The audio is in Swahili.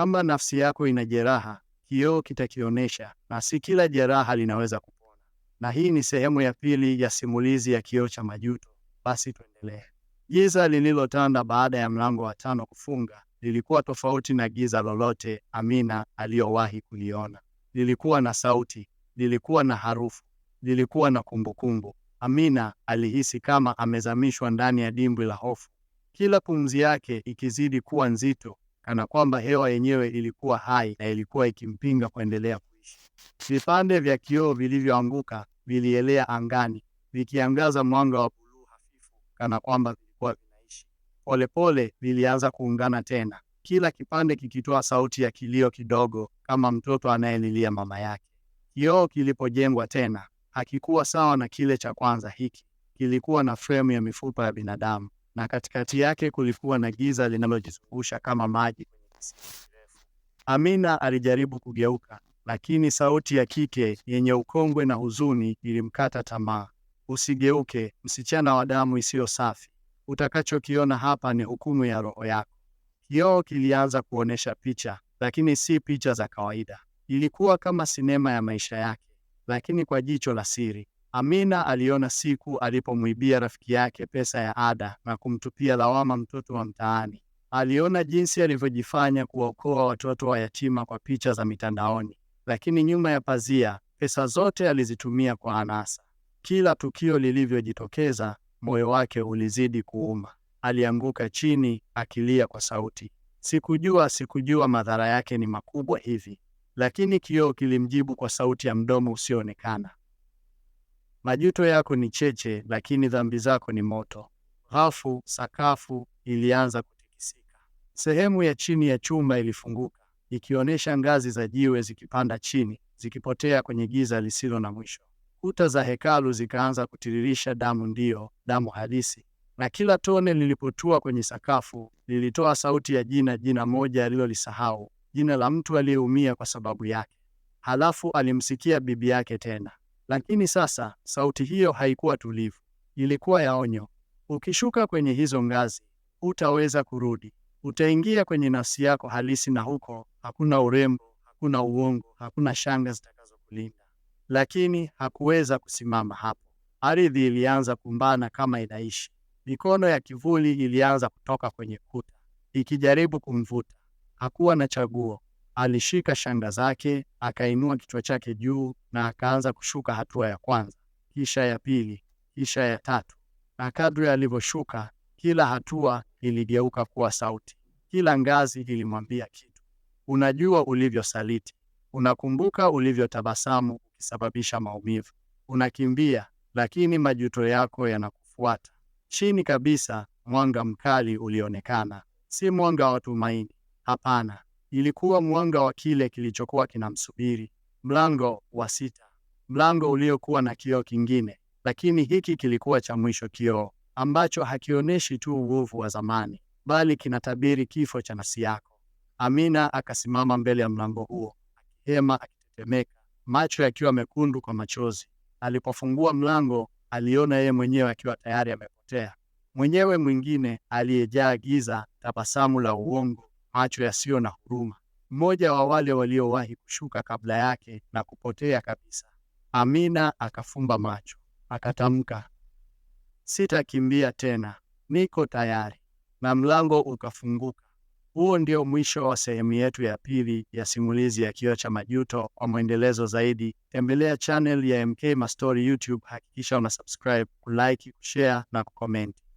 Kama nafsi yako ina jeraha, kioo kitakionyesha, na si kila jeraha linaweza kupona. Na hii ni sehemu ya pili ya simulizi ya kioo cha majuto. Basi tuendelee. Giza lililotanda baada ya mlango wa tano kufunga lilikuwa tofauti na giza lolote Amina aliyowahi kuliona. Lilikuwa na sauti, lilikuwa na harufu, lilikuwa na kumbukumbu. Amina alihisi kama amezamishwa ndani ya dimbwi la hofu, kila pumzi yake ikizidi kuwa nzito, kana kwamba hewa yenyewe ilikuwa hai na ilikuwa ikimpinga kuendelea kuishi. Vipande vya kioo vilivyoanguka vilielea angani vikiangaza mwanga wa buluu hafifu, kana kwamba vilikuwa vinaishi. Polepole vilianza kuungana tena, kila kipande kikitoa sauti ya kilio kidogo, kama mtoto anayelilia mama yake. Kioo kilipojengwa tena hakikuwa sawa na kile cha kwanza. Hiki kilikuwa na fremu ya mifupa ya binadamu na katikati yake kulikuwa na giza linalojizungusha kama maji kwenye Amina alijaribu kugeuka, lakini sauti ya kike yenye ukongwe na huzuni ilimkata tamaa. Usigeuke, msichana wa damu isiyo safi. Utakachokiona hapa ni hukumu ya roho yako. Kioo kilianza kuonyesha picha, lakini si picha za kawaida. Ilikuwa kama sinema ya maisha yake, lakini kwa jicho la siri. Amina aliona siku alipomwibia rafiki yake pesa ya ada na kumtupia lawama mtoto wa mtaani. Aliona jinsi alivyojifanya kuwaokoa watoto wayatima kwa picha za mitandaoni, lakini nyuma ya pazia pesa zote alizitumia kwa anasa. Kila tukio lilivyojitokeza, moyo wake ulizidi kuuma. Alianguka chini akilia kwa sauti, sikujua, sikujua madhara yake ni makubwa hivi. Lakini kioo kilimjibu kwa sauti ya mdomo usioonekana, Majuto yako ni cheche, lakini dhambi zako ni moto. Ghafu sakafu ilianza kutikisika. Sehemu ya chini ya chumba ilifunguka, ikionyesha ngazi za jiwe zikipanda chini, zikipotea kwenye giza lisilo na mwisho. Kuta za hekalu zikaanza kutiririsha damu, ndiyo damu halisi, na kila tone lilipotua kwenye sakafu lilitoa sauti ya jina, jina moja alilolisahau, jina la mtu aliyeumia kwa sababu yake. Halafu alimsikia bibi yake tena. Lakini sasa sauti hiyo haikuwa tulivu, ilikuwa ya onyo. Ukishuka kwenye hizo ngazi, hutaweza kurudi. Utaingia kwenye nafsi yako halisi, na huko hakuna urembo, hakuna uongo, hakuna shanga zitakazokulinda. Lakini hakuweza kusimama hapo. Ardhi ilianza kumbana kama inaishi. Mikono ya kivuli ilianza kutoka kwenye kuta, ikijaribu kumvuta. Hakuwa na chaguo. Alishika shanga zake, akainua kichwa chake juu na akaanza kushuka hatua ya kwanza, kisha ya pili, kisha ya tatu. Na kadri alivyoshuka, kila hatua iligeuka kuwa sauti, kila ngazi ilimwambia kitu. Unajua ulivyosaliti, unakumbuka ulivyotabasamu ukisababisha maumivu, unakimbia lakini majuto yako yanakufuata. Chini kabisa, mwanga mkali ulionekana, si mwanga wa tumaini, hapana Ilikuwa mwanga wa kile kilichokuwa kinamsubiri, mlango wa sita, mlango uliokuwa na kioo kingine, lakini hiki kilikuwa cha mwisho, kioo ambacho hakionyeshi tu uovu wa zamani, bali kinatabiri kifo cha nafsi yako. Amina akasimama mbele ya mlango huo, akihema, akitetemeka, macho yakiwa mekundu kwa machozi. Alipofungua mlango, aliona yeye mwenyewe akiwa tayari amepotea, mwenyewe mwingine aliyejaa giza, tabasamu la uongo macho yasiyo na huruma, mmoja wa wale waliowahi kushuka kabla yake na kupotea kabisa. Amina akafumba macho, akatamka, sitakimbia tena, niko tayari, na mlango ukafunguka. Huo ndio mwisho wa sehemu yetu ya pili ya simulizi ya Kioo cha Majuto. Kwa mwendelezo zaidi, tembelea channel ya MK Mastori YouTube. Hakikisha una subscribe, kulike, kushare na kukomenti.